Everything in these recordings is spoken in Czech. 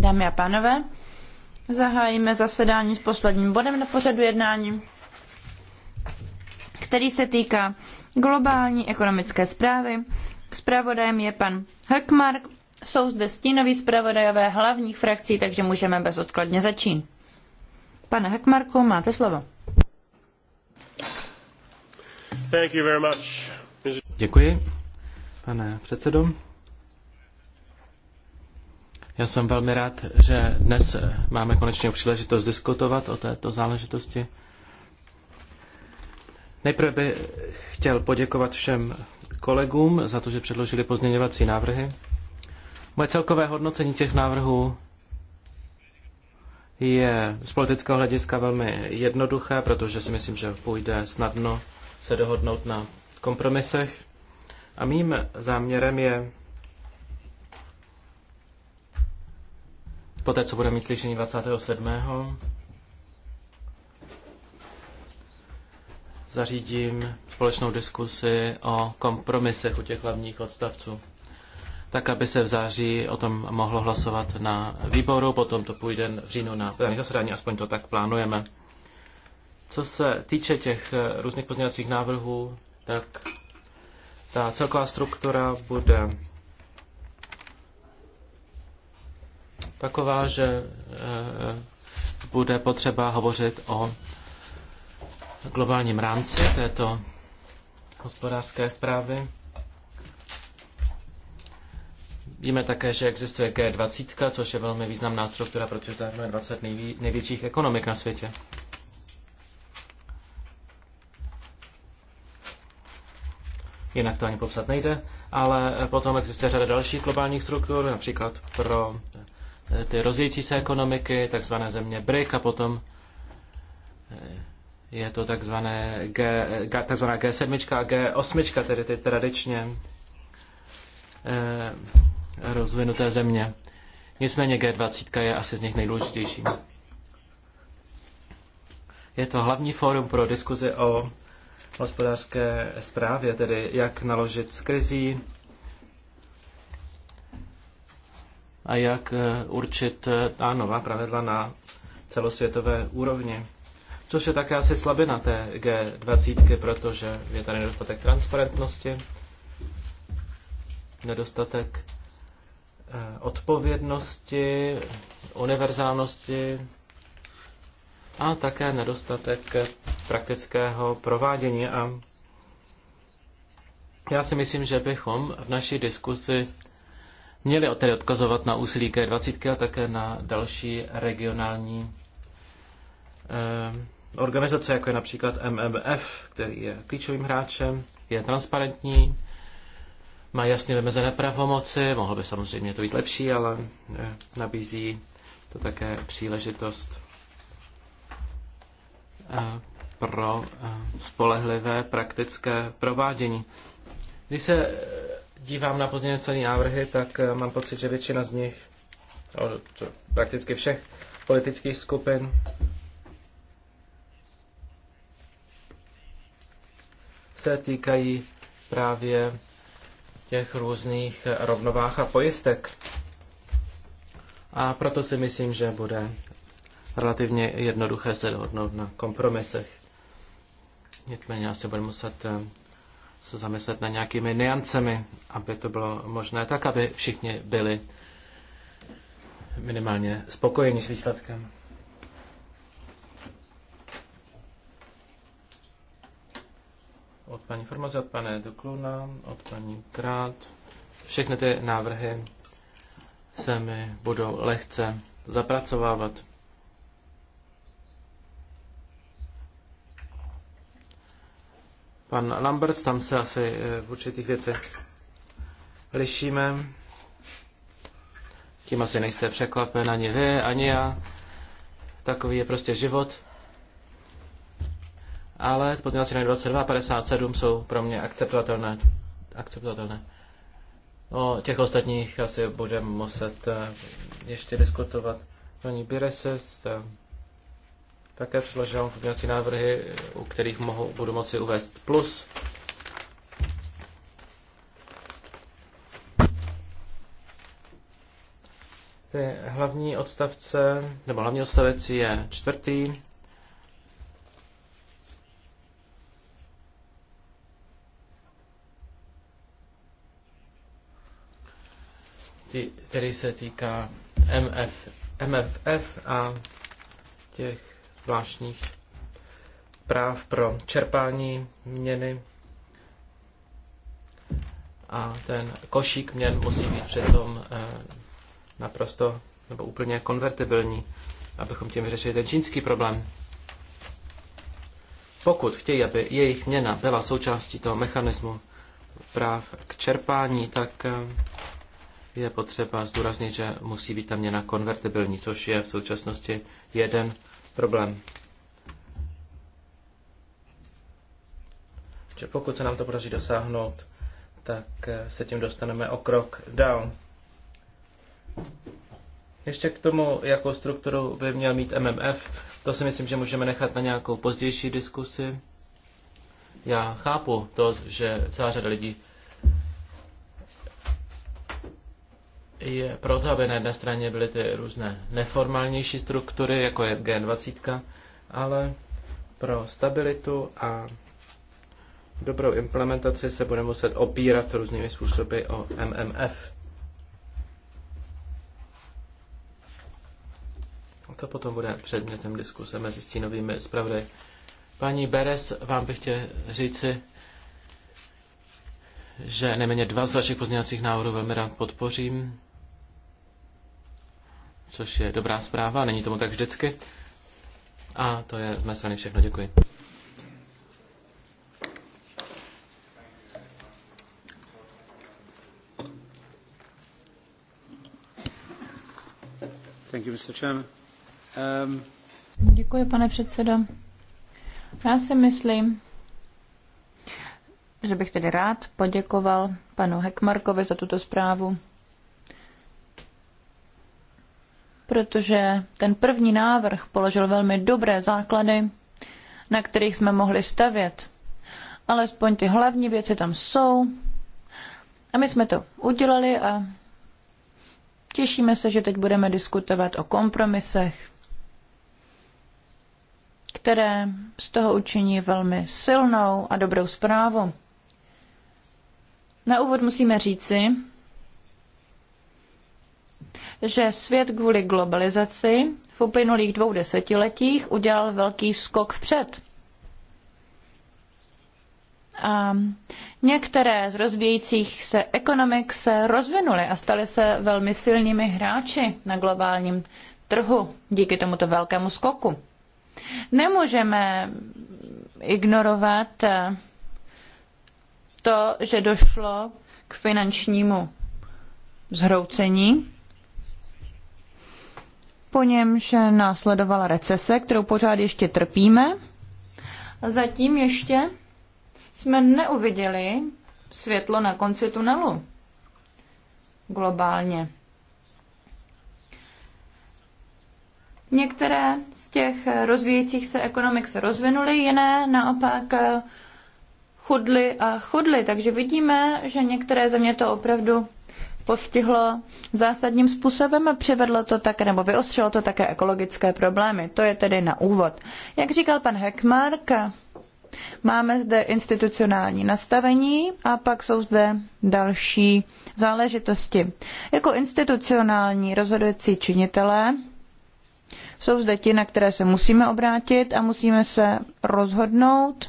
Dámy a pánové, zahájíme zasedání s posledním bodem na pořadu jednání, který se týká globální ekonomické zprávy. Zpravodajem je pan Höckmark, jsou zde stínoví zpravodajové hlavních frakcí, takže můžeme bezodkladně začít. Pane Höckmarku, máte slovo. Děkuji, pane předsedo. Já jsem velmi rád, že dnes máme konečně příležitost diskutovat o této záležitosti. Nejprve bych chtěl poděkovat všem kolegům za to, že předložili pozměňovací návrhy. Moje celkové hodnocení těch návrhů je z politického hlediska velmi jednoduché, protože si myslím, že půjde snadno se dohodnout na kompromisech. A mým záměrem je poté co bude mít slyšení 27. zařídím společnou diskusi o kompromisech u těch hlavních odstavců, tak aby se v září o tom mohlo hlasovat na výboru, potom to půjde v říjnu na plenární zasedání, aspoň to tak plánujeme. Co se týče těch eh, různých pozměňovacích návrhů, tak ta celková struktura bude taková, že eh, bude potřeba hovořit o globálním rámci této hospodářské zprávy. Víme také, že existuje G20, což je velmi významná struktura, protože zahrnuje 20 nejví, největších ekonomik na světě. Jinak to ani popsat nejde, ale potom existuje řada dalších globálních struktur, například pro ty rozvíjící se ekonomiky, takzvané země BRIC a potom eh, je to takzvané G, takzvaná G7 a G8, tedy ty tradičně eh, rozvinuté země. Nicméně G20 je asi z nich nejdůležitější. Je to hlavní fórum pro diskuzi o hospodářské správě, tedy jak naložit s krizí, a jak eh, určit eh, ta nová pravidla na celosvětové úrovni. Což je také asi slabina té G20, protože je tady nedostatek transparentnosti, nedostatek eh, odpovědnosti, univerzálnosti a také nedostatek praktického provádění. A já si myslím, že bychom v naší diskusi měli tedy odkazovat na úsilí k 20 a také na další regionální eh, organizace, jako je například MMF, který je klíčovým hráčem, je transparentní, má jasně vymezené pravomoci, mohlo by samozřejmě to být lepší, ale eh, nabízí to také příležitost eh, pro eh, spolehlivé praktické provádění. Když se eh, dívám na pozměňovací návrhy, tak eh, mám pocit, že většina z nich, prakticky všech politických skupin, se týkají právě těch různých eh, rovnovách a pojistek. A proto si myslím, že bude relativně jednoduché se dohodnout na kompromisech. Nicméně já se budu muset eh, se zamyslet na nějakými niancemi, aby to bylo možné tak, aby všichni byli minimálně spokojeni s výsledkem. Od paní Formozy, od pane Dokluna, od paní Krát. Všechny ty návrhy se mi budou lehce zapracovávat. pan Lambert, tam se asi eh, v určitých věcech lišíme. Tím asi nejste překvapen ani vy, ani já. Takový je prostě život. Ale podmínací na 22 57 jsou pro mě akceptovatelné. akceptovatelné. O těch ostatních asi budeme muset eh, ještě diskutovat. Paní Bireses, eh, také předložil pozměňovací návrhy, u kterých mohu, budu moci uvést plus. Ty hlavní odstavce, nebo hlavní odstavec je čtvrtý. Ty, který se týká MF, MFF a těch zvláštních práv pro čerpání měny a ten košík měn musí být přitom eh, naprosto nebo úplně konvertibilní, abychom tím vyřešili ten čínský problém. Pokud chtějí, aby jejich měna byla součástí toho mechanismu práv k čerpání, tak eh, je potřeba zdůraznit, že musí být ta měna konvertibilní, což je v současnosti jeden problém. Že pokud se nám to podaří dosáhnout, tak eh, se tím dostaneme o krok dál. Ještě k tomu, jakou strukturu by měl mít MMF, to si myslím, že můžeme nechat na nějakou pozdější diskusi. Já chápu to, že celá řada lidí je proto, aby na jedné straně byly ty různé neformálnější struktury, jako je G20, ale pro stabilitu a dobrou implementaci se bude muset opírat různými způsoby o MMF. A to potom bude předmětem diskuse mezi stínovými zpravdy. Paní Beres, vám bych chtěl říci, že nejméně dva z vašich pozměňovacích návrhů velmi rád podpořím což je dobrá zpráva, není tomu tak vždycky. A to je z mé strany všechno, děkuji. Thank you, Mr. Chairman. Um... Děkuji, pane předsedo. Já si myslím, že bych tedy rád poděkoval panu Hekmarkovi za tuto zprávu. protože ten první návrh položil velmi dobré základy, na kterých jsme mohli stavět. Alespoň ty hlavní věci tam jsou. A my jsme to udělali a těšíme se, že teď budeme diskutovat o kompromisech, které z toho učiní velmi silnou a dobrou zprávu. Na úvod musíme říci, že svět kvůli globalizaci v uplynulých dvou desetiletích udělal velký skok vpřed. A některé z rozvíjejících se ekonomik se rozvinuly a staly se velmi silnými hráči na globálním trhu díky tomuto velkému skoku. Nemůžeme ignorovat to, že došlo k finančnímu zhroucení po němž následovala recese, kterou pořád ještě trpíme. Zatím ještě jsme neuviděli světlo na konci tunelu globálně. Některé z těch rozvíjejících se ekonomik se rozvinuly, jiné naopak chudly a chudly. Takže vidíme, že některé země to opravdu postihlo zásadním způsobem a přivedlo to také, nebo vyostřilo to také ekologické problémy. To je tedy na úvod. Jak říkal pan Heckmark, máme zde institucionální nastavení a pak jsou zde další záležitosti. Jako institucionální rozhodující činitelé jsou zde ti, na které se musíme obrátit a musíme se rozhodnout,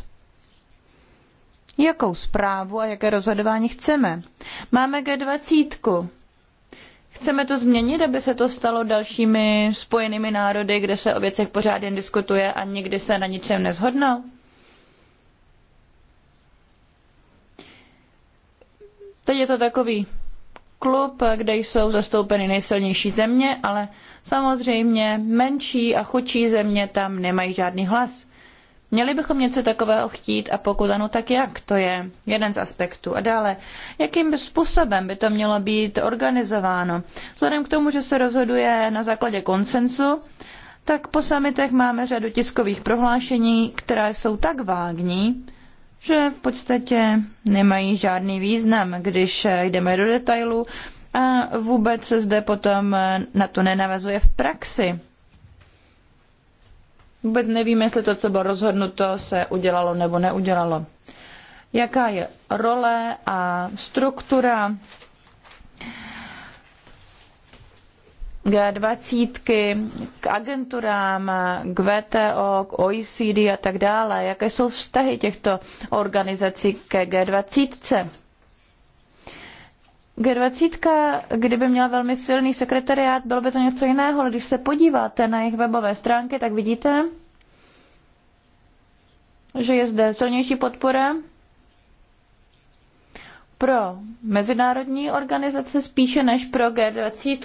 jakou zprávu a jaké rozhodování chceme. Máme G20. Chceme to změnit, aby se to stalo dalšími spojenými národy, kde se o věcech pořád jen diskutuje a nikdy se na ničem nezhodnou? Teď je to takový klub, kde jsou zastoupeny nejsilnější země, ale samozřejmě menší a chudší země tam nemají žádný hlas. Měli bychom něco takového chtít a pokud ano, tak jak? To je jeden z aspektů. A dále, jakým způsobem by to mělo být organizováno? Vzhledem k tomu, že se rozhoduje na základě konsensu, tak po samitech máme řadu tiskových prohlášení, která jsou tak vágní, že v podstatě nemají žádný význam, když jdeme do detailu a vůbec se zde potom na to nenavazuje v praxi. Vůbec nevíme, jestli to, co bylo rozhodnuto, se udělalo nebo neudělalo. Jaká je role a struktura G20, k agenturám, k VTO, k OECD a tak dále. Jaké jsou vztahy těchto organizací ke G20? G20, kdyby měla velmi silný sekretariát, bylo by to něco jiného, ale když se podíváte na jejich webové stránky, tak vidíte, že je zde silnější podpora pro mezinárodní organizace spíše než pro G20,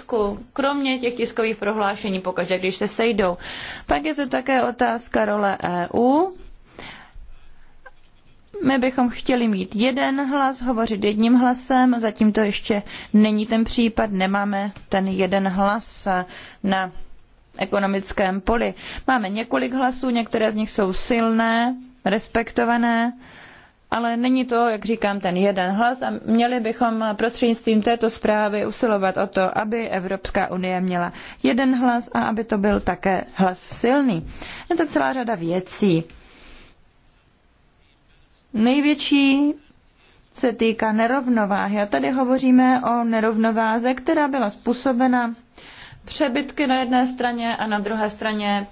kromě těch tiskových prohlášení pokaždé, když se sejdou. Pak je zde také otázka role EU my bychom chtěli mít jeden hlas, hovořit jedním hlasem, zatím to ještě není ten případ, nemáme ten jeden hlas na ekonomickém poli. Máme několik hlasů, některé z nich jsou silné, respektované, ale není to, jak říkám, ten jeden hlas a měli bychom prostřednictvím této zprávy usilovat o to, aby Evropská unie měla jeden hlas a aby to byl také hlas silný. Je to celá řada věcí Největší se týká nerovnováhy. A tady hovoříme o nerovnováze, která byla způsobena přebytky na jedné straně a na druhé straně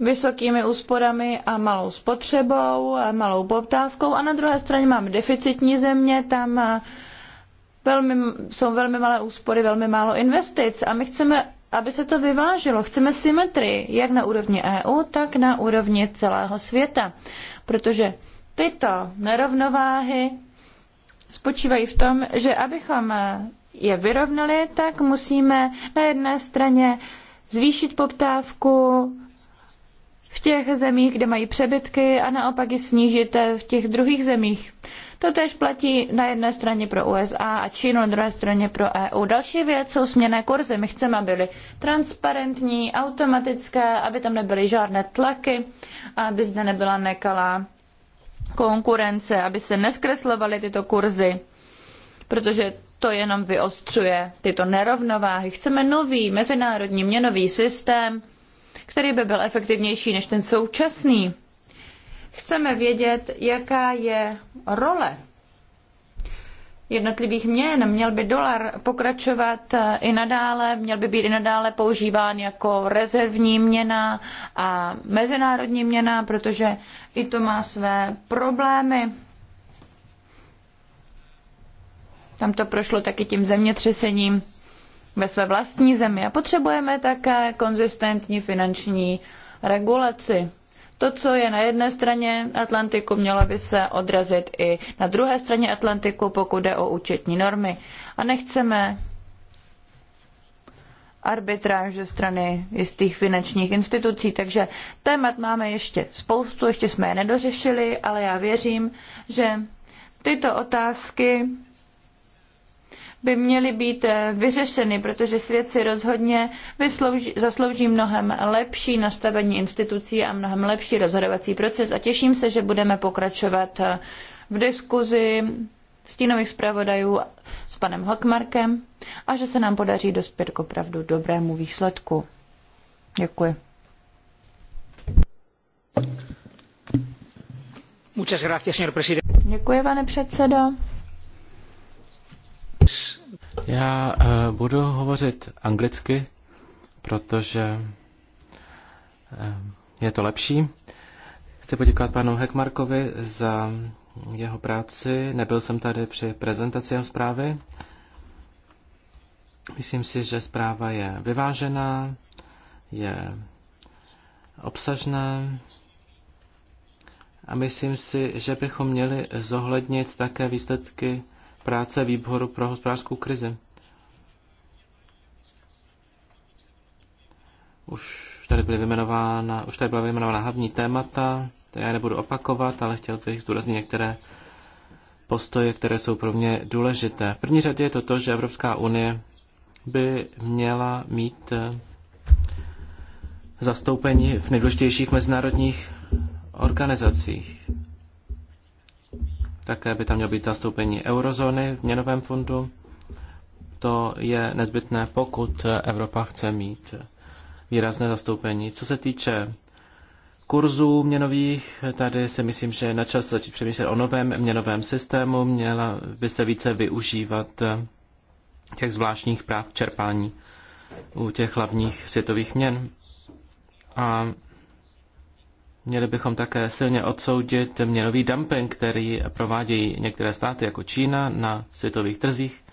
vysokými úsporami a malou spotřebou, a malou poptávkou a na druhé straně máme deficitní země, tam eh, velmi, jsou velmi malé úspory, velmi málo investic a my chceme aby se to vyváželo. Chceme symetrii, jak na úrovni EU, tak na úrovni celého světa. Protože tyto nerovnováhy spočívají v tom, že abychom je vyrovnali, tak musíme na jedné straně zvýšit poptávku v těch zemích, kde mají přebytky a naopak ji snížit v těch druhých zemích. To tež platí na jedné straně pro USA a Čínu, na druhé straně pro EU. Další věc jsou směné kurzy. My chceme, aby byly transparentní, automatické, aby tam nebyly žádné tlaky, aby zde nebyla nekalá konkurence, aby se neskreslovaly tyto kurzy, protože to jenom vyostřuje tyto nerovnováhy. Chceme nový mezinárodní měnový systém, který by byl efektivnější než ten současný Chceme vědět, jaká je role jednotlivých měn. Měl by dolar pokračovat eh, i nadále, měl by být i nadále používán jako rezervní měna a mezinárodní měna, protože i to má své problémy. Tam to prošlo taky tím zemětřesením ve své vlastní zemi. A potřebujeme také konzistentní finanční regulaci. To, co je na jedné straně Atlantiku, mělo by se odrazit i na druhé straně Atlantiku, pokud jde o účetní normy. A nechceme arbitráž ze strany jistých finančních institucí. Takže témat máme ještě spoustu, ještě jsme je nedořešili, ale já věřím, že tyto otázky by měly být eh, vyřešeny, protože svět si rozhodně vyslouží, zaslouží mnohem lepší nastavení institucí a mnohem lepší rozhodovací proces a těším se, že budeme pokračovat eh, v diskuzi stínových zpravodajů s panem Hockmarkem a že se nám podaří dospět k opravdu dobrému výsledku. Děkuji. Děkuji, pane předsedo. Já uh, budu hovořit anglicky, protože uh, je to lepší. Chci poděkovat panu Hekmarkovi za jeho práci. Nebyl jsem tady při prezentaci jeho zprávy. Myslím si, že zpráva je vyvážená, je obsažná a myslím si, že bychom měli zohlednit také výsledky práce výboru pro hospodářskou krizi. Už tady, byly vyjmenována, už tady byla vyjmenována hlavní témata, které já nebudu opakovat, ale chtěl bych zdůraznit některé postoje, které jsou pro mě důležité. V první řadě je to to, že Evropská unie by měla mít eh, zastoupení v nejdůležitějších mezinárodních organizacích. Také by tam mělo být zastoupení eurozóny v měnovém fondu. To je nezbytné, pokud Evropa chce mít výrazné zastoupení. Co se týče kurzů měnových, tady si myslím, že je na čas začít přemýšlet o novém měnovém systému. Měla by se více využívat těch zvláštních práv čerpání u těch hlavních světových měn. A Měli bychom také silně odsoudit měnový dumping, který provádějí některé státy jako Čína na světových trzích.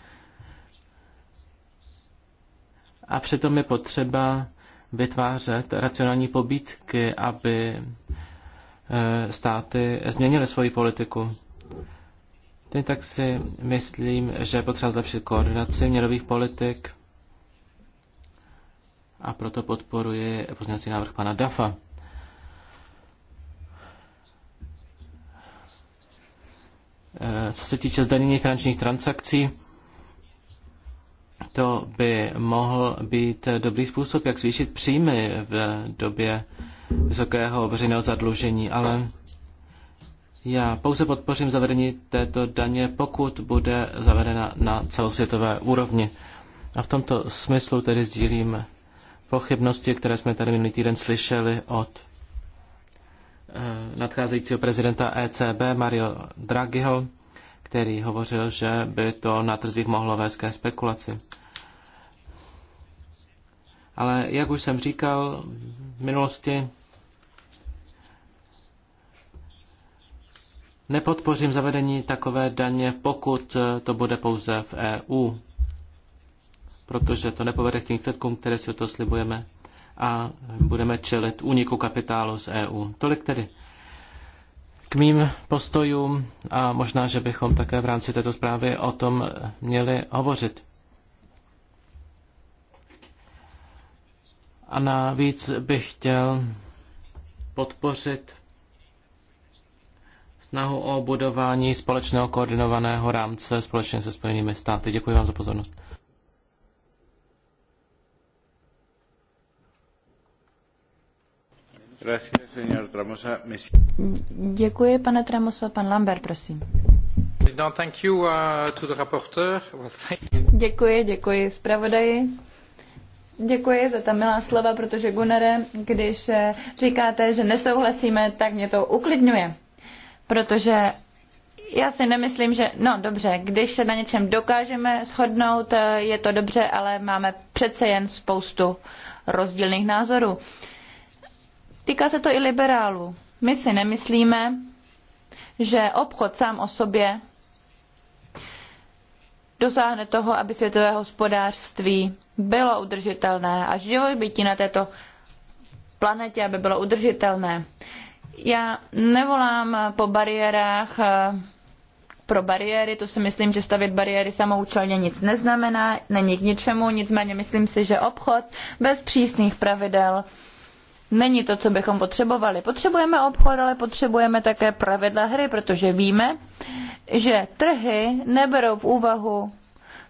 A přitom je potřeba vytvářet racionální pobídky, aby eh, státy změnily svoji politiku. Teď tak si myslím, že potřeba zlepšit koordinaci měnových politik a proto podporuji pozměňovací návrh pana Dafa. Eh, co se týče zdanění finančních transakcí, to by mohl být dobrý způsob, jak zvýšit příjmy v době vysokého veřejného zadlužení, ale já pouze podpořím zavedení této daně, pokud bude zavedena na celosvětové úrovni. A v tomto smyslu tedy sdílím pochybnosti, které jsme tady minulý týden slyšeli od Eh, nadcházejícího prezidenta ECB Mario Draghiho, který hovořil, že by to na trzích mohlo vést ke spekulaci. Ale jak už jsem říkal v minulosti, nepodpořím zavedení takové daně, pokud to bude pouze v EU, protože to nepovede k těm výsledkům, které si to slibujeme a budeme čelit úniku kapitálu z EU. Tolik tedy k mým postojům a možná, že bychom také v rámci této zprávy o tom měli hovořit. A navíc bych chtěl podpořit snahu o budování společného koordinovaného rámce společně se Spojenými státy. Děkuji vám za pozornost. Děkuji, pane Tramoso. Pan Lambert, prosím. Děkuji, děkuji zpravodaji. Děkuji za ta milá slova, protože Gunnare, když říkáte, že nesouhlasíme, tak mě to uklidňuje. Protože já si nemyslím, že, no dobře, když se na něčem dokážeme shodnout, eh, je to dobře, ale máme přece jen spoustu rozdílných názorů. Uh, Týká se to i liberálů. My si nemyslíme, že obchod sám o sobě dosáhne toho, aby světové hospodářství bylo udržitelné a živobytí na této planetě, aby bylo udržitelné. Já nevolám po bariérách eh, pro bariéry, to si myslím, že stavět bariéry samoučelně nic neznamená, není k ničemu, nicméně myslím si, že obchod bez přísných pravidel není to, co bychom potřebovali. Potřebujeme obchod, ale potřebujeme také pravidla hry, protože víme, že trhy neberou v úvahu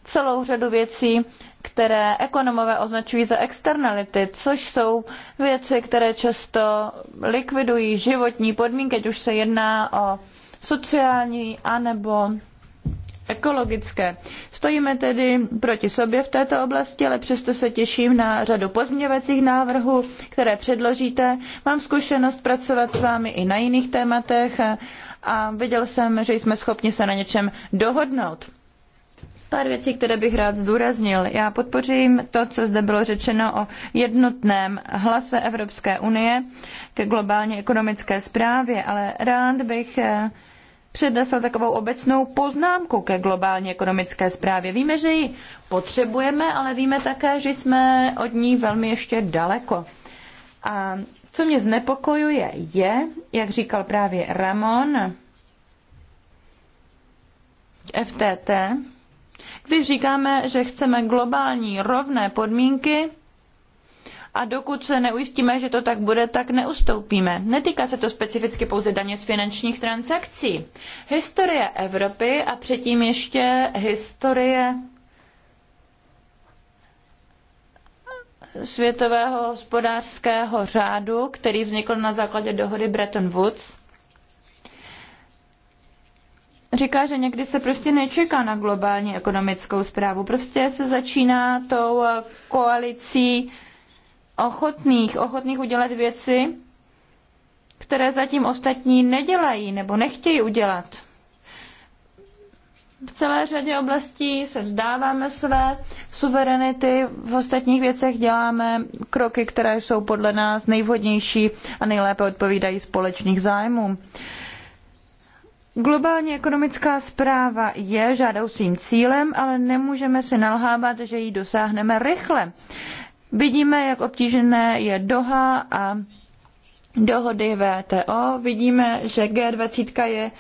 celou řadu věcí, které ekonomové označují za externality, což jsou věci, které často likvidují životní podmínky, ať už se jedná o sociální anebo ekologické. Stojíme tedy proti sobě v této oblasti, ale přesto se těším na řadu pozměňovacích návrhů, které předložíte. Mám zkušenost pracovat s vámi i na jiných tématech a viděl jsem, že jsme schopni se na něčem dohodnout. Pár věcí, které bych rád zdůraznil. Já podpořím to, co zde bylo řečeno o jednotném hlase Evropské unie ke globální ekonomické zprávě, ale rád bych eh, přednesl takovou obecnou poznámku ke globální ekonomické zprávě. Víme, že ji potřebujeme, ale víme také, že jsme od ní velmi ještě daleko. A co mě znepokojuje, je, jak říkal právě Ramon, FTT, když říkáme, že chceme globální rovné podmínky, a dokud se neujistíme, že to tak bude, tak neustoupíme. Netýká se to specificky pouze daně z finančních transakcí. Historie Evropy a předtím ještě historie světového hospodářského řádu, který vznikl na základě dohody Bretton Woods, říká, že někdy se prostě nečeká na globální ekonomickou zprávu. Prostě se začíná tou koalicí ochotných, ochotných udělat věci, které zatím ostatní nedělají nebo nechtějí udělat. V celé řadě oblastí se vzdáváme své suverenity, v ostatních věcech děláme kroky, které jsou podle nás nejvhodnější a nejlépe odpovídají společných zájmů. Globální ekonomická zpráva je žádoucím cílem, ale nemůžeme si nalhávat, že ji dosáhneme rychle. Vidíme, jak obtížné je Doha a dohody VTO. Vidíme, že G20 je,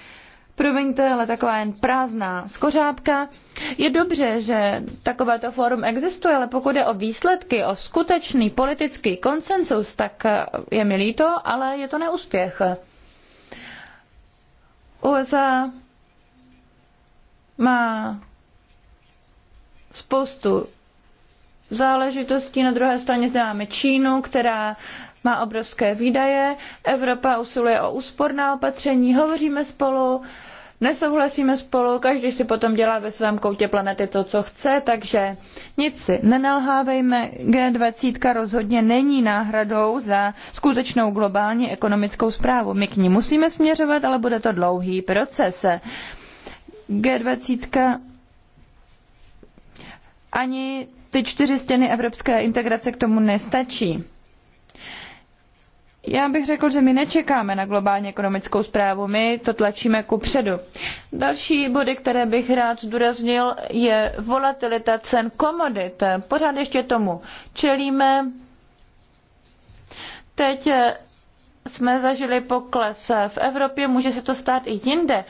promiňte, ale taková jen prázdná skořápka. Je dobře, že takovéto fórum existuje, ale pokud je o výsledky, o skutečný politický konsensus, tak je mi líto, ale je to neúspěch. USA má spoustu záležitostí. Na druhé straně zde máme Čínu, která má obrovské výdaje, Evropa usiluje o úsporná opatření, hovoříme spolu, nesouhlasíme spolu, každý si potom dělá ve svém koutě planety to, co chce, takže nic si nenalhávejme. G20 rozhodně není náhradou za skutečnou globální ekonomickou zprávu. My k ní musíme směřovat, ale bude to dlouhý proces. G20 ani ty čtyři stěny evropské integrace k tomu nestačí. Já bych řekl, že my nečekáme na globální ekonomickou zprávu, my to tlačíme ku předu. Další body, které bych rád zdůraznil, je volatilita cen komodit. Pořád ještě tomu čelíme. Teď jsme zažili pokles v Evropě, může se to stát i jinde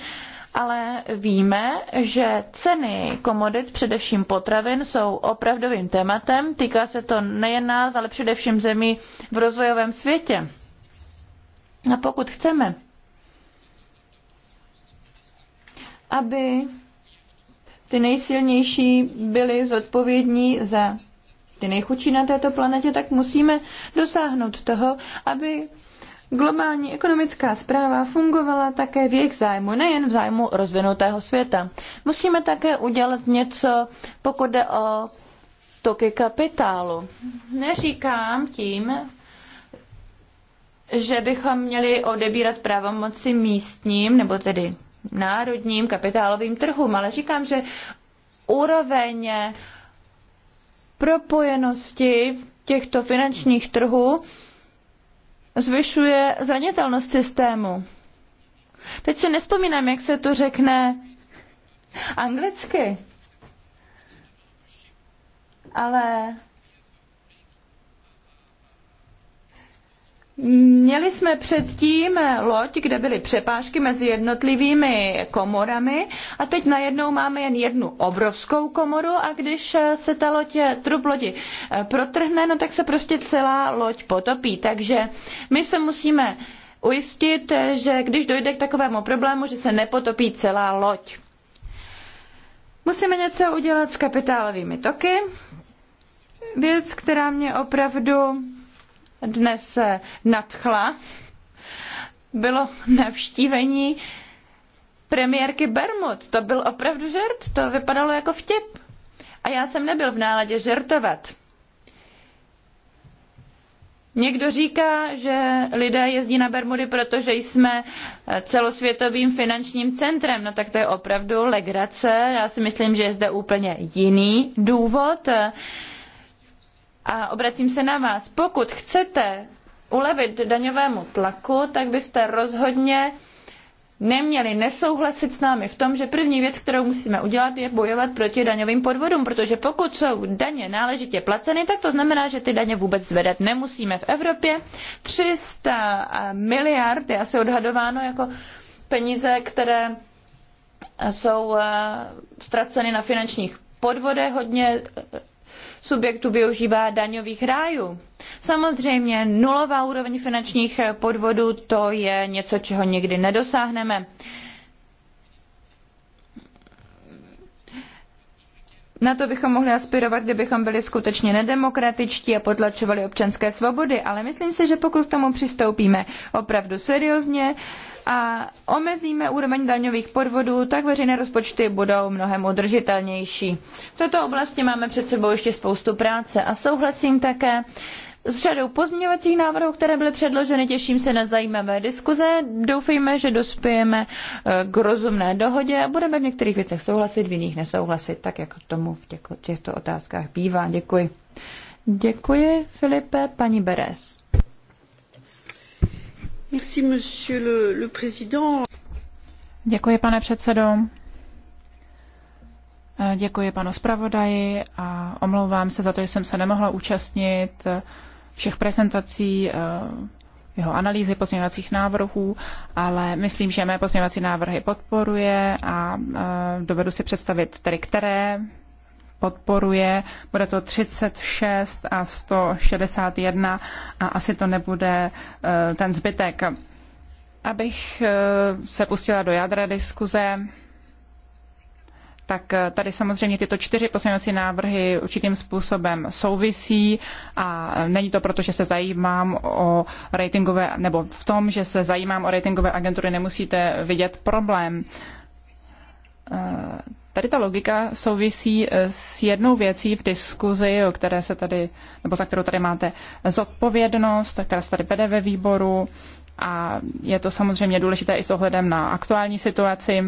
ale víme, že ceny komodit, především potravin, jsou opravdovým tématem. Týká se to nejen nás, ale především zemí v rozvojovém světě. A pokud chceme, aby ty nejsilnější byli zodpovědní za ty nejchudší na této planetě, tak musíme dosáhnout toho, aby globální ekonomická zpráva fungovala také v jejich zájmu, nejen v zájmu rozvinutého světa. Musíme také udělat něco, pokud jde o toky kapitálu. Neříkám tím, že bychom měli odebírat pravomoci místním, nebo tedy národním kapitálovým trhům, ale říkám, že úroveň propojenosti těchto finančních trhů zvyšuje zranitelnost systému. Teď si nespomínám, jak se to řekne anglicky, ale Měli jsme předtím loď, kde byly přepážky mezi jednotlivými komorami a teď najednou máme jen jednu obrovskou komoru a když se ta loď, trup lodi eh, protrhne, no tak se prostě celá loď potopí. Takže my se musíme ujistit, že když dojde k takovému problému, že se nepotopí celá loď. Musíme něco udělat s kapitálovými toky. Věc, která mě opravdu dnes eh, nadchla, bylo navštívení premiérky Bermud. To byl opravdu žert, to vypadalo jako vtip. A já jsem nebyl v náladě žertovat. Někdo říká, že lidé jezdí na Bermudy, protože jsme eh, celosvětovým finančním centrem. No tak to je opravdu legrace. Já si myslím, že je zde úplně jiný důvod a obracím se na vás, pokud chcete ulevit daňovému tlaku, tak byste rozhodně neměli nesouhlasit s námi v tom, že první věc, kterou musíme udělat, je bojovat proti daňovým podvodům, protože pokud jsou daně náležitě placeny, tak to znamená, že ty daně vůbec zvedat nemusíme v Evropě. 300 miliard je asi odhadováno jako peníze, které jsou eh, ztraceny na finančních podvodech, hodně eh, subjektů využívá daňových rájů. Samozřejmě nulová úroveň finančních podvodů to je něco, čeho nikdy nedosáhneme. Na to bychom mohli aspirovat, kdybychom byli skutečně nedemokratičtí a potlačovali občanské svobody, ale myslím si, že pokud k tomu přistoupíme opravdu seriózně, a omezíme úroveň daňových podvodů, tak veřejné rozpočty budou mnohem udržitelnější. V této oblasti máme před sebou ještě spoustu práce a souhlasím také s řadou pozměňovacích návrhů, které byly předloženy, těším se na zajímavé diskuze. Doufejme, že dospějeme eh, k rozumné dohodě a budeme v některých věcech souhlasit, v jiných nesouhlasit, tak jako tomu v těchto otázkách bývá. Děkuji. Děkuji, Filipe, paní Beres. Merci, monsieur le, le président. Děkuji, pane předsedo. Eh, děkuji panu zpravodaji a omlouvám se za to, že jsem se nemohla účastnit eh, všech prezentací, eh, jeho analýzy pozměňovacích návrhů, ale myslím, že mé pozměňovací návrhy podporuje a dovedu si představit tedy, které podporuje. Bude to 36 a 161 a asi to nebude e, ten zbytek. Abych e, se pustila do jádra diskuze, tak e, tady samozřejmě tyto čtyři pozměňovací návrhy určitým způsobem souvisí a není to proto, že se zajímám o ratingové, nebo v tom, že se zajímám o ratingové agentury, nemusíte vidět problém Tady ta logika souvisí eh, s jednou věcí v diskuzi, o které se tady, nebo za kterou tady máte zodpovědnost, která se tady vede ve výboru a je to samozřejmě důležité i s ohledem na aktuální situaci.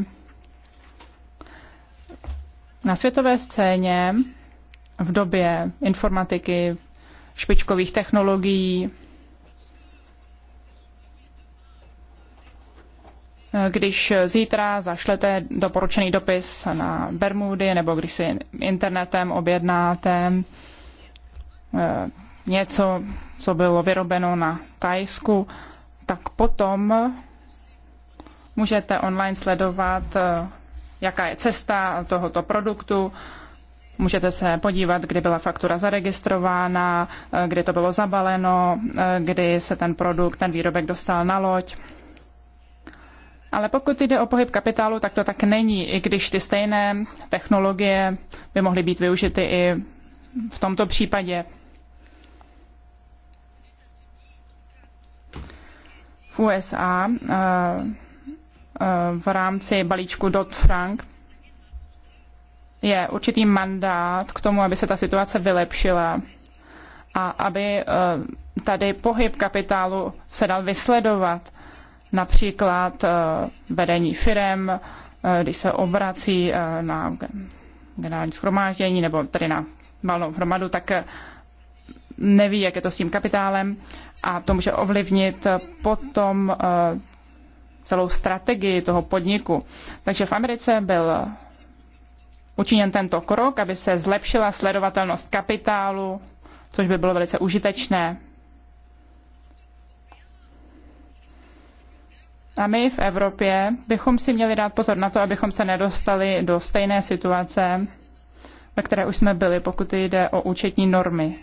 Na světové scéně v době informatiky, špičkových technologií, když zítra zašlete doporučený dopis na Bermudy nebo když si internetem objednáte eh, něco, co bylo vyrobeno na Tajsku, tak potom můžete online sledovat, eh, jaká je cesta tohoto produktu, Můžete se podívat, kdy byla faktura zaregistrována, eh, kdy to bylo zabaleno, kdy se ten produkt, ten výrobek dostal na loď ale pokud jde o pohyb kapitálu, tak to tak není, i když ty stejné technologie by mohly být využity i v tomto případě. V USA eh, eh, v rámci balíčku Dodd-Frank je určitý mandát k tomu, aby se ta situace vylepšila a aby eh, tady pohyb kapitálu se dal vysledovat například eh, vedení firem, eh, když se obrací eh, na generální schromáždění nebo tedy na malou hromadu, tak neví, jak je to s tím kapitálem a to může ovlivnit potom celou strategii toho podniku. Takže v Americe byl učiněn tento krok, aby se zlepšila sledovatelnost kapitálu, což by bylo velice užitečné A my v Evropě bychom si měli dát pozor na to, abychom se nedostali do stejné situace, ve které už jsme byli, pokud jde o účetní normy.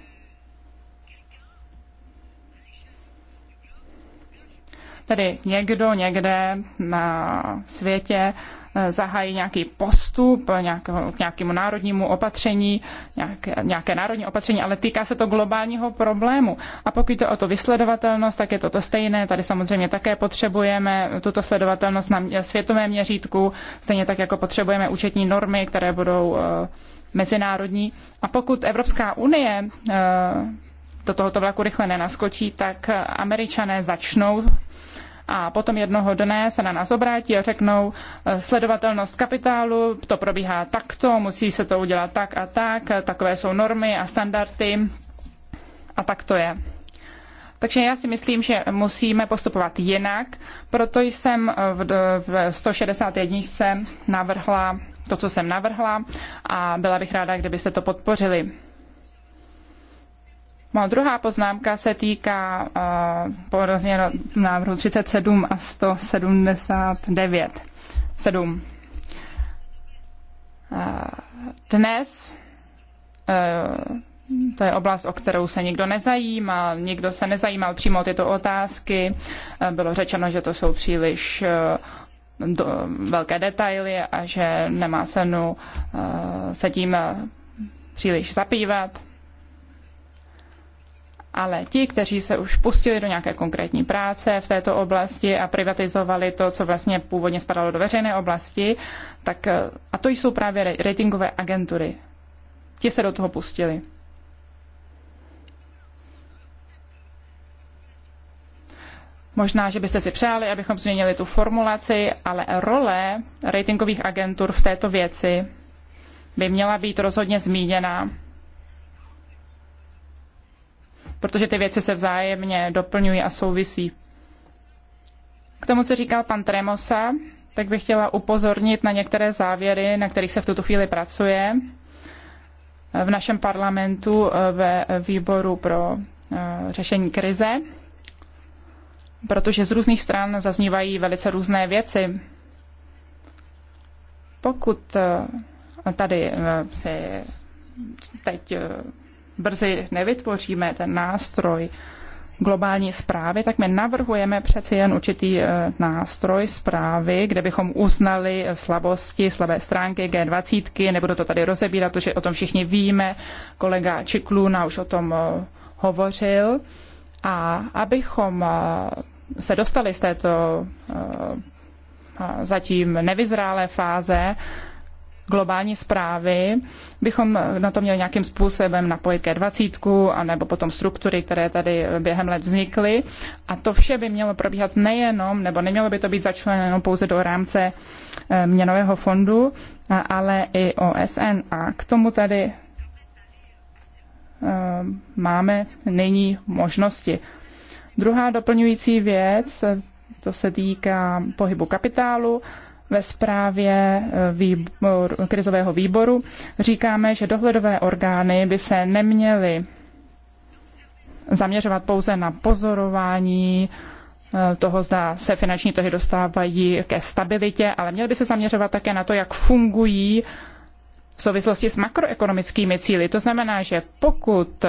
Tedy někdo někde na světě Eh, zahájí nějaký postup eh, k nějakému národnímu opatření, nějaké, nějaké národní opatření, ale týká se to globálního problému. A pokud je o to vysledovatelnost, tak je to to stejné. Tady samozřejmě také potřebujeme tuto sledovatelnost na světovém měřítku, stejně tak jako potřebujeme účetní normy, které budou eh, mezinárodní. A pokud Evropská unie do tohoto vlaku rychle nenaskočí, tak američané začnou a potom jednoho dne se na nás obrátí a řeknou, eh, sledovatelnost kapitálu, to probíhá takto, musí se to udělat tak a tak, takové jsou normy a standardy a tak to je. Takže já si myslím, že musíme postupovat jinak, proto jsem v 161. navrhla to, co jsem navrhla a byla bych ráda, kdybyste to podpořili. Má druhá poznámka se týká eh, porozně návrhu 37 a 179. 7. Eh, dnes eh, to je oblast, o kterou se nikdo nezajímal, nikdo se nezajímal přímo o tyto otázky. Bylo řečeno, že to jsou příliš do, velké detaily a že nemá cenu se tím příliš zapívat ale ti, kteří se už pustili do nějaké konkrétní práce v této oblasti a privatizovali to, co vlastně původně spadalo do veřejné oblasti, tak eh, a to jsou právě ratingové agentury. Ti se do toho pustili. Možná, že byste si přáli, abychom změnili tu formulaci, ale role ratingových agentur v této věci by měla být rozhodně zmíněna protože ty věci se vzájemně doplňují a souvisí. K tomu, co říkal pan Tremosa, tak bych chtěla upozornit na některé závěry, na kterých se v tuto chvíli pracuje v našem parlamentu eh, ve výboru pro eh, řešení krize, protože z různých stran zaznívají velice různé věci. Pokud eh, tady si teď brzy nevytvoříme ten nástroj globální zprávy, tak my navrhujeme přeci jen určitý e, nástroj zprávy, kde bychom uznali slabosti, slabé stránky G20, nebudu to tady rozebírat, protože o tom všichni víme, kolega Čikluna už o tom e, hovořil. A abychom e, se dostali z této zatím nevyzrálé fáze, globální zprávy, bychom na to měli nějakým způsobem napojit ke 20 a nebo potom struktury, které tady během let vznikly. A to vše by mělo probíhat nejenom, nebo nemělo by to být začleněno pouze do rámce eh, měnového fondu, ale i OSN. A k tomu tady eh, máme nyní možnosti. Druhá doplňující věc, eh, to se týká pohybu kapitálu ve zprávě eh, výbor, krizového výboru říkáme, že dohledové orgány by se neměly zaměřovat pouze na pozorování eh, toho, zda se finanční trhy dostávají ke stabilitě, ale měly by se zaměřovat také na to, jak fungují v souvislosti s makroekonomickými cíly. To znamená, že pokud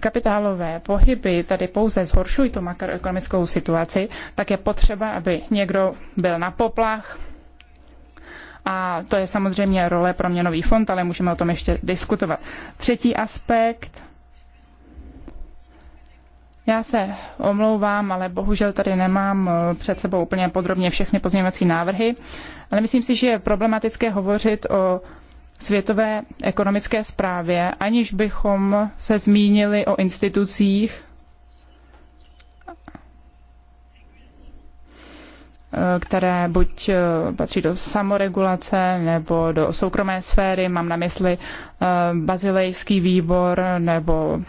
kapitálové pohyby tady pouze zhoršují tu makroekonomickou situaci, tak je potřeba, aby někdo byl na poplach. A to je samozřejmě role pro měnový fond, ale můžeme o tom ještě diskutovat. Třetí aspekt. Já se omlouvám, ale bohužel tady nemám eh, před sebou úplně podrobně všechny pozměňovací návrhy, ale myslím si, že je problematické hovořit o světové ekonomické zprávě, aniž bychom se zmínili o institucích, eh, které buď eh, patří do samoregulace nebo do soukromé sféry, mám na mysli eh, bazilejský výbor nebo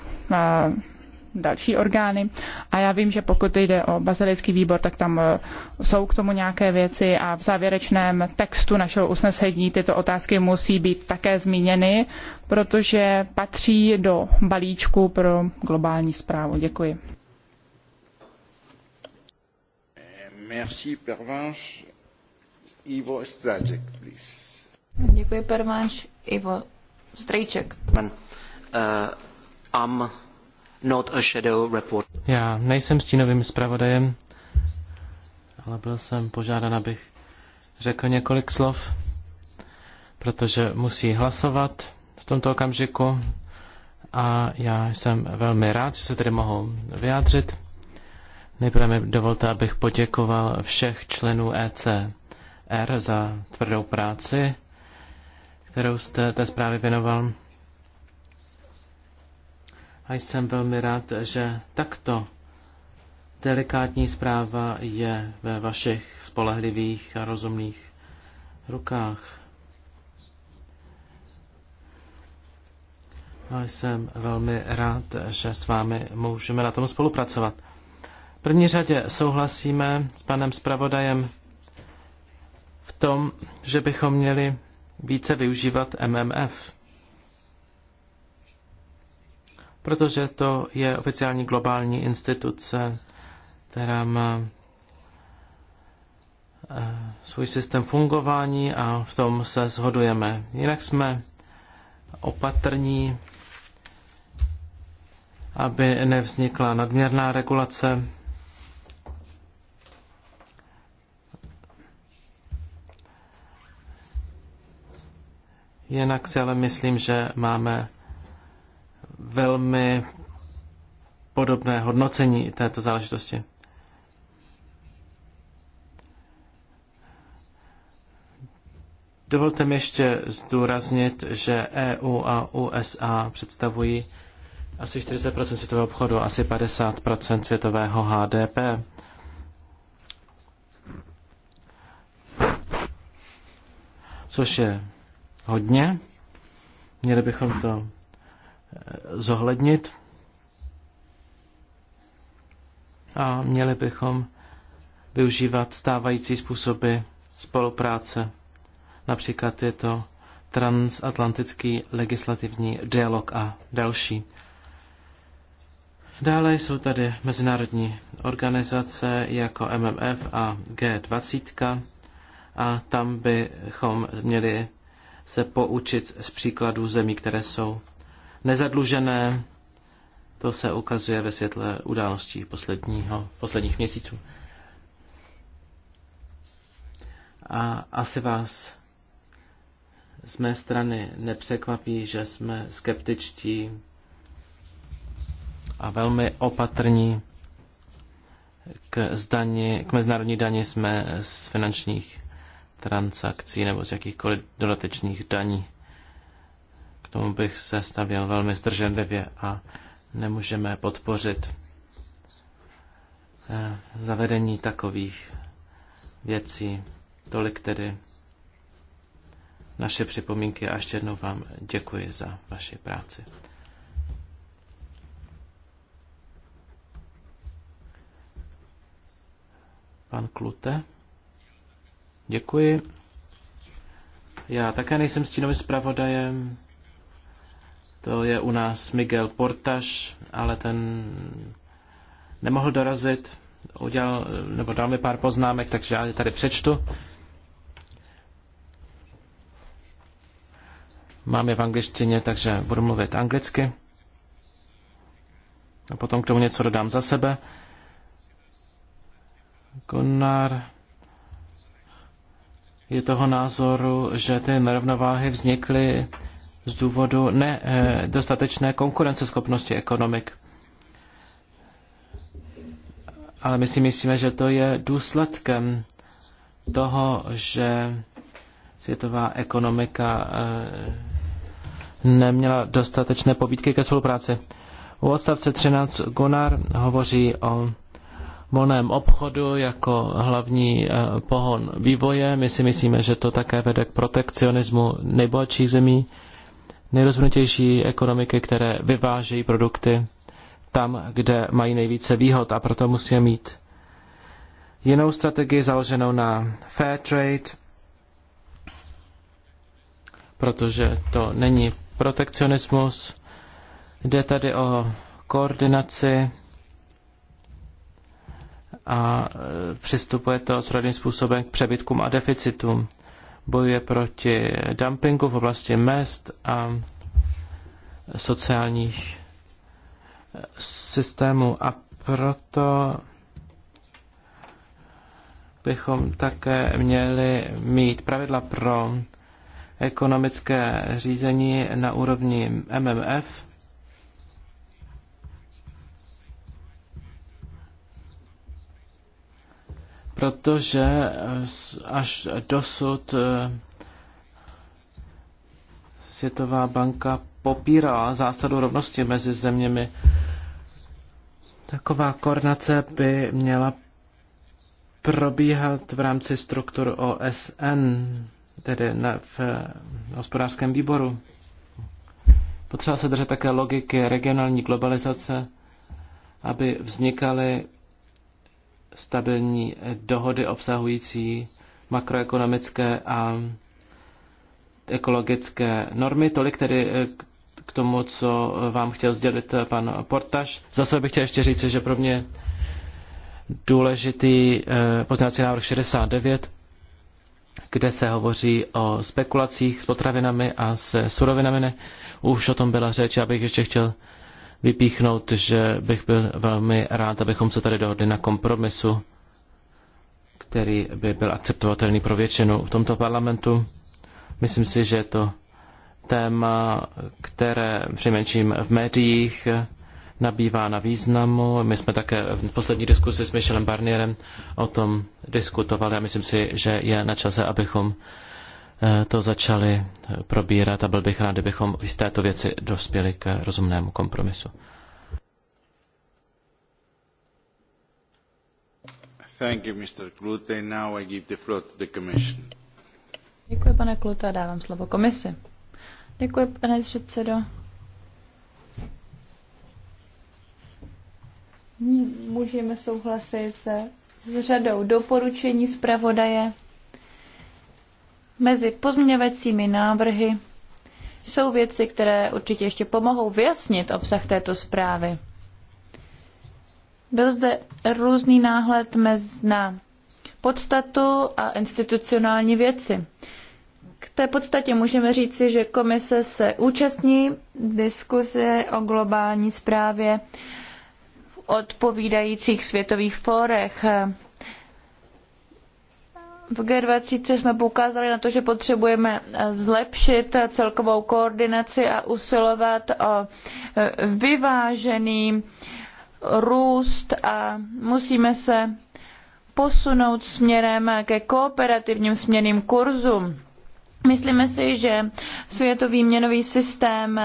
další orgány. A já vím, že pokud jde o bazilický výbor, tak tam eh, jsou k tomu nějaké věci a v závěrečném textu našeho usnesení tyto otázky musí být také zmíněny, protože patří do balíčku pro globální zprávu. Děkuji. Merci, Ivo Strajček, please. Děkuji, Pervanš. Ivo Strejček. uh, eh, am not a shadow report. Já nejsem stínovým zpravodajem, ale byl jsem požádán, abych řekl několik slov, protože musí hlasovat v tomto okamžiku a já jsem velmi rád, že se tedy mohu vyjádřit. Nejprve mi dovolte, abych poděkoval všech členů ECR za tvrdou práci, kterou jste té zprávě věnoval. A jsem velmi rád, že takto delikátní zpráva je ve vašich spolehlivých a rozumných rukách. A jsem velmi rád, že s vámi můžeme na tom spolupracovat. V první řadě souhlasíme s panem zpravodajem v tom, že bychom měli více využívat MMF. protože to je oficiální globální instituce, která má eh, svůj systém fungování a v tom se shodujeme. Jinak jsme opatrní, aby nevznikla nadměrná regulace. Jinak si ale myslím, že máme velmi podobné hodnocení této záležitosti. Dovolte mi ještě zdůraznit, že EU a USA představují asi 40 světového obchodu, asi 50 světového HDP. Což je hodně. Měli bychom to zohlednit a měli bychom využívat stávající způsoby spolupráce. Například je to transatlantický legislativní dialog a další. Dále jsou tady mezinárodní organizace jako MMF a G20 a tam bychom měli se poučit z příkladů zemí, které jsou nezadlužené. To se ukazuje ve světle událostí posledního, posledních měsíců. A asi vás z mé strany nepřekvapí, že jsme skeptičtí a velmi opatrní k, zdaní, k mezinárodní dani jsme z finančních transakcí nebo z jakýchkoliv dodatečných daní tomu bych se stavěl velmi zdrženlivě a nemůžeme podpořit eh, zavedení takových věcí. Tolik tedy naše připomínky a ještě jednou vám děkuji za vaši práci. Pan Klute. Děkuji. Já také nejsem stínovým zpravodajem. To je u nás Miguel Portaš, ale ten nemohl dorazit, udělal, nebo dal mi pár poznámek, takže já je tady přečtu. Mám je v angličtině, takže budu mluvit anglicky. A potom k tomu něco dodám za sebe. Gunnar je toho názoru, že ty nerovnováhy vznikly z důvodu nedostatečné eh, konkurenceschopnosti ekonomik. Ale my si myslíme, že to je důsledkem toho, že světová ekonomika eh, neměla dostatečné pobídky ke spolupráci. U odstavce 13 Gunnar hovoří o volném obchodu jako hlavní eh, pohon vývoje. My si myslíme, že to také vede k protekcionismu nejbohatších zemí nejrozvinutější ekonomiky, které vyvážejí produkty tam, kde mají nejvíce výhod a proto musíme mít jinou strategii založenou na fair trade, protože to není protekcionismus, jde tady o koordinaci a e, přistupuje to správným způsobem k přebytkům a deficitům bojuje proti dumpingu v oblasti mest a sociálních eh, systémů. A proto bychom také měli mít pravidla pro ekonomické řízení na úrovni MMF protože eh, až dosud eh, Světová banka popírala zásadu rovnosti mezi zeměmi. Taková koordinace by měla probíhat v rámci struktur OSN, tedy na, v eh, hospodářském výboru. Potřeba se držet také logiky regionální globalizace, aby vznikaly stabilní dohody obsahující makroekonomické a ekologické normy. Tolik tedy eh, k tomu, co vám chtěl sdělit eh, pan Portaš. Zase bych chtěl ještě říct, že pro mě důležitý eh, poznávací návrh 69, kde se hovoří o spekulacích s potravinami a s surovinami. Už o tom byla řeč, abych ještě chtěl vypíchnout, že bych byl velmi rád, abychom se tady dohodli na kompromisu, který by byl akceptovatelný pro většinu v tomto parlamentu. Myslím si, že je to téma, které přinejmenším v médiích nabývá na významu. My jsme také v poslední diskusi s Michelem Barnierem o tom diskutovali a myslím si, že je na čase, abychom Eh, to začali eh, probírat a byl bych rád, kdybychom z této věci dospěli k rozumnému kompromisu. Thank you, Mr. Klute. Now I give the floor to the commission. Děkuji, pane Klute, a dávám slovo komisi. Děkuji, pane předsedo. Můžeme souhlasit se s řadou doporučení zpravodaje mezi pozměňovacími návrhy jsou věci, které určitě ještě pomohou vyjasnit obsah této zprávy. Byl zde různý náhled mezi na podstatu a institucionální věci. K té podstatě můžeme říci, že komise se účastní diskuze o globální zprávě v odpovídajících světových fórech v G20 jsme poukázali na to, že potřebujeme eh, zlepšit eh, celkovou koordinaci a usilovat o eh, vyvážený růst a musíme se posunout směrem ke kooperativním směrným kurzům. Myslíme si, že světový měnový systém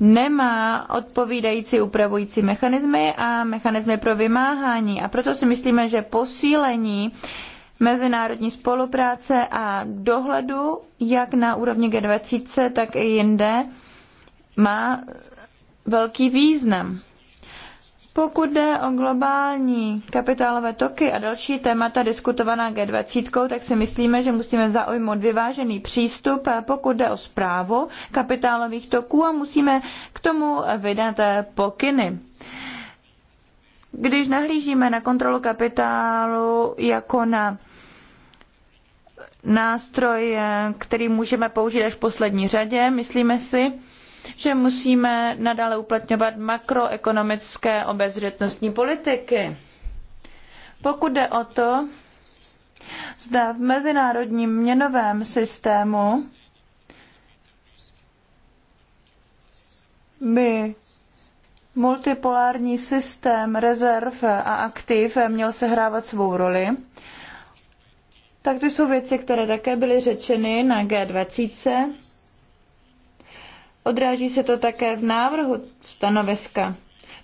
nemá odpovídající upravující mechanismy a mechanismy pro vymáhání. A proto si myslíme, že posílení mezinárodní spolupráce a dohledu, jak na úrovni G20, tak i jinde, má velký význam. Pokud jde o globální kapitálové toky a další témata diskutovaná G20, tak si myslíme, že musíme zaujmout vyvážený přístup, pokud jde o zprávu kapitálových toků a musíme k tomu vydat pokyny. Když nahlížíme na kontrolu kapitálu jako na nástroj, eh, který můžeme použít až v poslední řadě. Myslíme si, že musíme nadále uplatňovat makroekonomické obezřetnostní politiky. Pokud jde o to, zda v mezinárodním měnovém systému by multipolární systém rezerv a aktiv měl sehrávat svou roli, tak to jsou věci, které také byly řečeny na G20. Odráží se to také v návrhu stanoviska.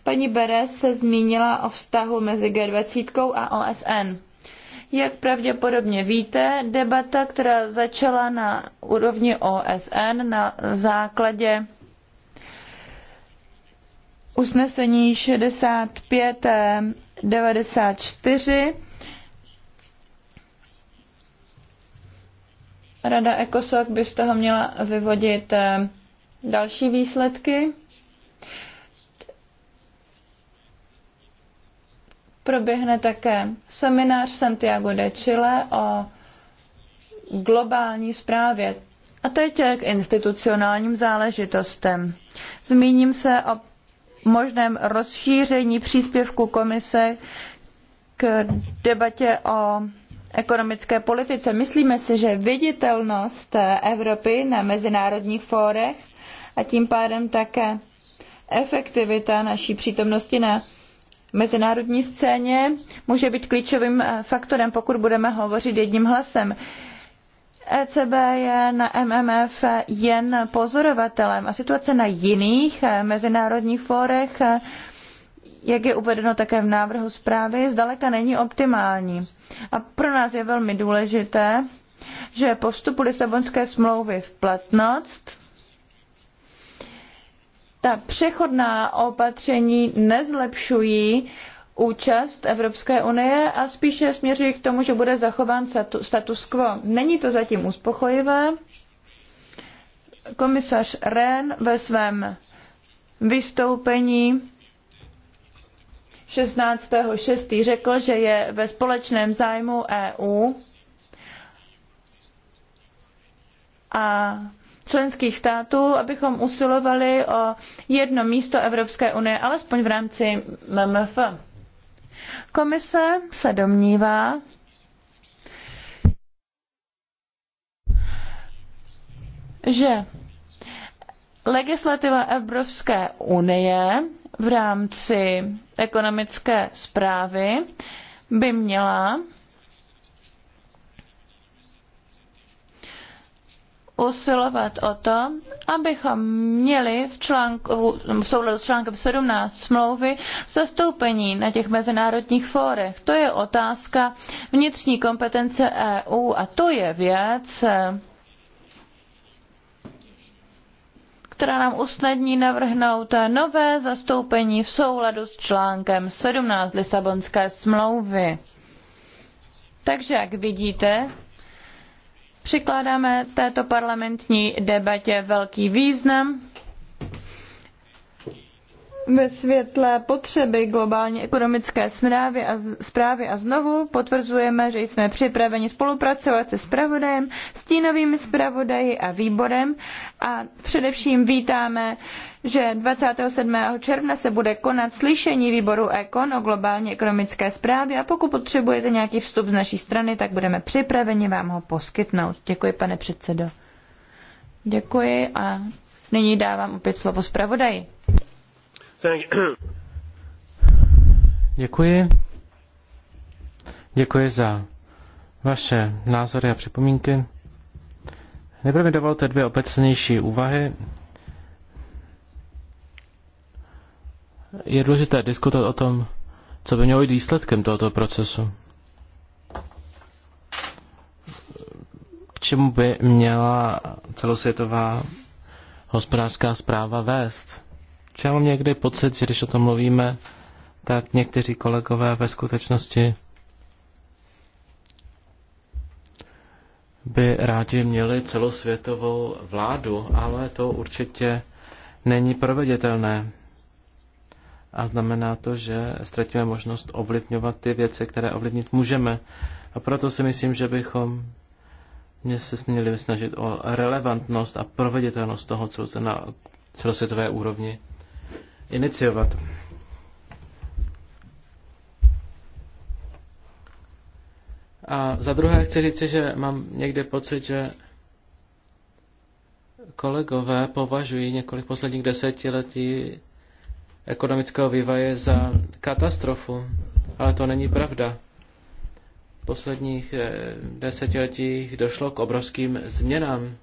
Paní Beres se zmínila o vztahu mezi G20 a OSN. Jak pravděpodobně víte, debata, která začala na úrovni OSN na základě usnesení 6594 Rada ECOSOC by z toho měla vyvodit eh, další výsledky. Proběhne také seminář v Santiago de Chile o globální zprávě. A teď k institucionálním záležitostem. Zmíním se o možném rozšíření příspěvku komise k debatě o ekonomické politice. Myslíme si, že viditelnost Evropy na mezinárodních fórech a tím pádem také efektivita naší přítomnosti na mezinárodní scéně může být klíčovým eh, faktorem, pokud budeme hovořit jedním hlasem. ECB je na MMF jen pozorovatelem a situace na jiných eh, mezinárodních fórech eh, jak je uvedeno také v návrhu zprávy, zdaleka není optimální. A pro nás je velmi důležité, že po vstupu Lisabonské smlouvy v platnost ta přechodná opatření nezlepšují účast Evropské unie a spíše směřují k tomu, že bude zachován status quo. Není to zatím uspokojivé. Komisař Rehn ve svém vystoupení 16.6. řekl, že je ve společném zájmu EU a členských států, abychom usilovali o jedno místo Evropské unie, alespoň v rámci MMF. Komise se domnívá, že legislativa Evropské unie v rámci ekonomické zprávy by měla usilovat o to, abychom měli v, článku, v souladu s článkem 17 smlouvy zastoupení na těch mezinárodních fórech. To je otázka vnitřní kompetence EU a to je věc, která nám usnadní navrhnout nové zastoupení v souladu s článkem 17 Lisabonské smlouvy. Takže, jak vidíte, přikládáme této parlamentní debatě velký význam ve světle potřeby globální ekonomické zprávy a, zprávy a znovu potvrzujeme, že jsme připraveni spolupracovat se spravodajem, stínovými zpravodaji a výborem a především vítáme, že 27. června se bude konat slyšení výboru EKON o globální ekonomické zprávě a pokud potřebujete nějaký vstup z naší strany, tak budeme připraveni vám ho poskytnout. Děkuji, pane předsedo. Děkuji a nyní dávám opět slovo zpravodaji. Děkuji. Děkuji za vaše názory a připomínky. Nejprve mi dovolte dvě obecnější úvahy. Je důležité diskutovat o tom, co by mělo být výsledkem tohoto procesu. K čemu by měla celosvětová hospodářská zpráva vést? Já mám někdy pocit, že když o tom mluvíme, tak někteří kolegové ve skutečnosti by rádi měli celosvětovou vládu, ale to určitě není proveditelné. A znamená to, že ztratíme možnost ovlivňovat ty věci, které ovlivnit můžeme. A proto si myslím, že bychom mě se směli vysnažit o relevantnost a proveditelnost toho, co se na celosvětové úrovni iniciovat. A za druhé chci říct, že mám někde pocit, že kolegové považují několik posledních desetiletí ekonomického vývoje za katastrofu, ale to není pravda. V posledních eh, desetiletích došlo k obrovským změnám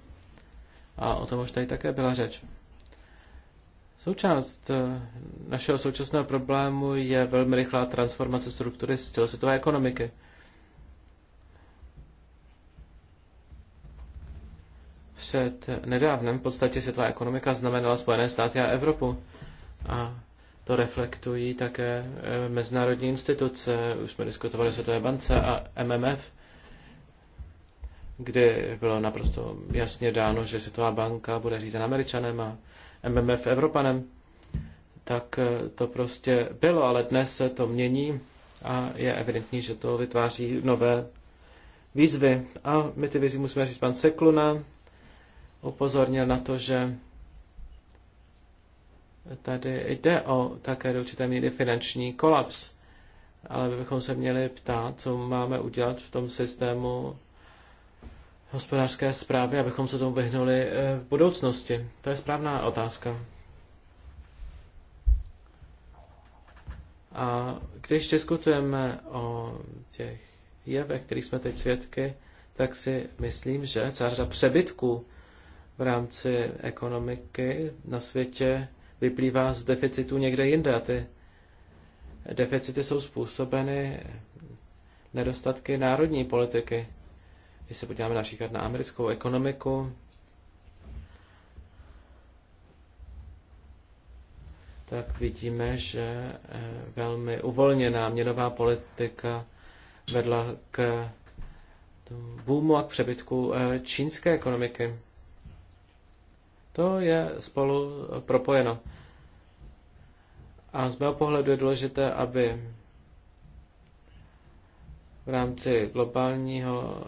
a o tom už tady také byla řeč. Součást eh, našeho současného problému je velmi rychlá transformace struktury z celosvětové ekonomiky. Před nedávnem v podstatě světová ekonomika znamenala Spojené státy a Evropu. A to reflektují také eh, mezinárodní instituce. Už jsme diskutovali o Světové bance a MMF, kdy bylo naprosto jasně dáno, že Světová banka bude řízena Američanem a MMF Evropanem, tak eh, to prostě bylo, ale dnes se to mění a je evidentní, že to vytváří nové výzvy. A my ty výzvy musíme říct. Pan Sekluna upozornil na to, že tady jde o také do určité míry finanční kolaps. Ale bychom se měli ptát, co máme udělat v tom systému hospodářské zprávy, abychom se tomu vyhnuli eh, v budoucnosti? To je správná otázka. A když diskutujeme o těch jevech, kterých jsme teď svědky, tak si myslím, že celá řada přebytků v rámci ekonomiky na světě vyplývá z deficitu někde jinde. A ty deficity jsou způsobeny nedostatky národní politiky. Když se podíváme například na americkou ekonomiku, tak vidíme, že eh, velmi uvolněná měnová politika vedla k boomu a k přebytku eh, čínské ekonomiky. To je spolu propojeno. A z mého pohledu je důležité, aby v rámci globálního,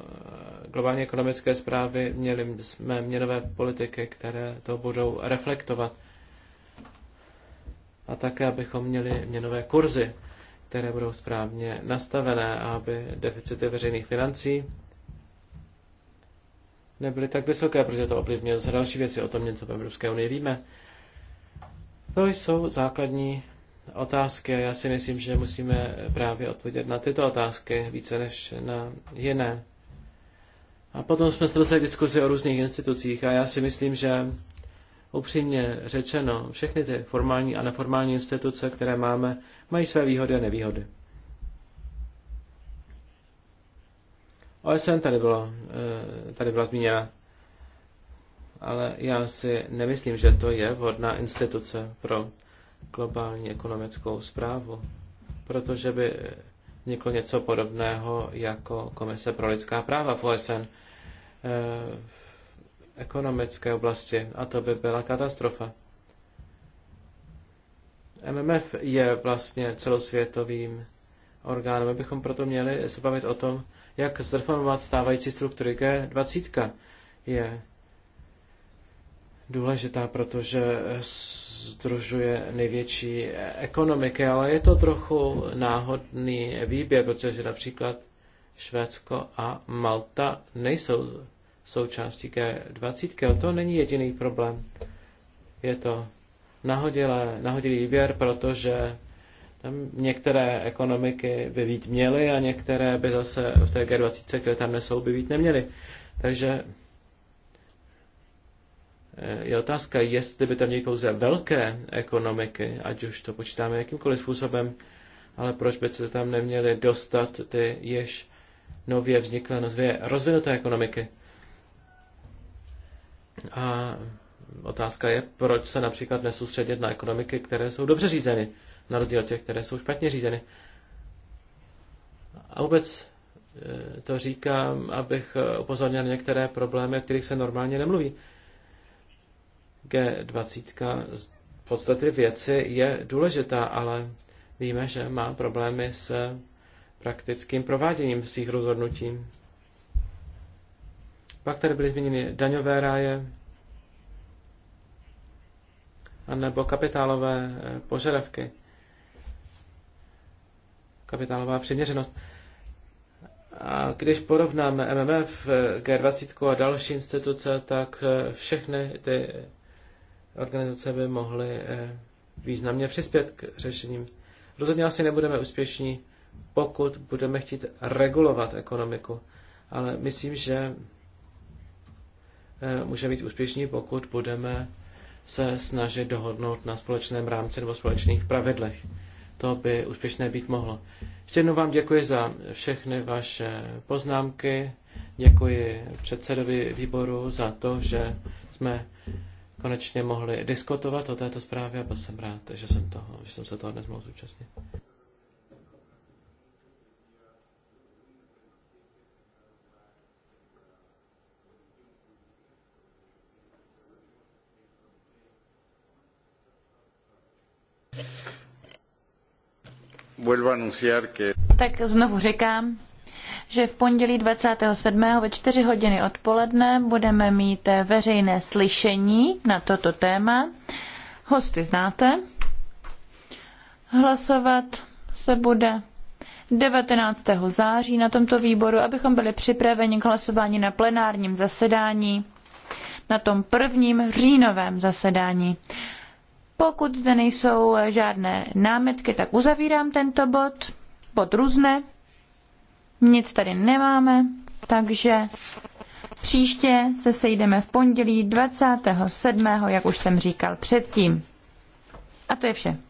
globální ekonomické zprávy měli jsme měnové politiky, které to budou reflektovat. A také, abychom měli měnové kurzy, které budou správně nastavené, aby deficity veřejných financí nebyly tak vysoké, protože to ovlivňuje zase další věci, o tom něco v Evropské unii víme. To jsou základní otázky a já si myslím, že musíme právě odpovědět na tyto otázky více než na jiné. A potom jsme dostali diskuzi o různých institucích a já si myslím, že upřímně řečeno, všechny ty formální a neformální instituce, které máme, mají své výhody a nevýhody. OSN tady, bylo, eh, tady byla zmíněna, ale já si nemyslím, že to je vhodná instituce pro globální ekonomickou zprávu, protože by vzniklo něco podobného jako Komise pro lidská práva v OSN eh, v ekonomické oblasti a to by byla katastrofa. MMF je vlastně celosvětovým orgánem. My bychom proto měli se bavit o tom, jak zreformovat stávající struktury G20 je důležitá, protože združuje největší ekonomiky, ale je to trochu náhodný výběr, protože například Švédsko a Malta nejsou součástí G20, ale to není jediný problém. Je to nahodilé, nahodilý výběr, protože tam některé ekonomiky by být měly a některé by zase v té G20, které tam nesou, by být neměly. Takže je otázka, jestli by tam měly pouze velké ekonomiky, ať už to počítáme jakýmkoliv způsobem, ale proč by se tam neměly dostat ty již nově vzniklé, nově rozvinuté ekonomiky. A otázka je, proč se například nesoustředit na ekonomiky, které jsou dobře řízeny, na rozdíl od těch, které jsou špatně řízeny. A vůbec eh, to říkám, abych eh, upozornil na některé problémy, o kterých se normálně nemluví. G20 z podstaty věci je důležitá, ale víme, že má problémy s praktickým prováděním svých rozhodnutí. Pak tady byly změněny daňové ráje anebo kapitálové eh, požadavky. Kapitálová přiměřenost. A když porovnáme MMF, eh, G20 a další instituce, tak eh, všechny ty organizace by mohly eh, významně přispět k řešením. Rozhodně asi nebudeme úspěšní, pokud budeme chtít regulovat ekonomiku, ale myslím, že eh, může být úspěšní, pokud budeme se snažit dohodnout na společném rámci nebo společných pravidlech. To by úspěšné být mohlo. Ještě jednou vám děkuji za všechny vaše poznámky. Děkuji předsedovi výboru za to, že jsme konečně mohli diskutovat o této zprávě a byl jsem rád, že jsem, toho, že jsem se toho dnes mohl zúčastnit. Tak znovu říkám, že v pondělí 27. ve 4 hodiny odpoledne budeme mít veřejné slyšení na toto téma. Hosty znáte. Hlasovat se bude 19. září na tomto výboru, abychom byli připraveni k hlasování na plenárním zasedání, na tom prvním říjnovém zasedání. Pokud zde nejsou žádné námitky, tak uzavírám tento bod. Bod různé. Nic tady nemáme, takže příště se sejdeme v pondělí 27. jak už jsem říkal předtím. A to je vše.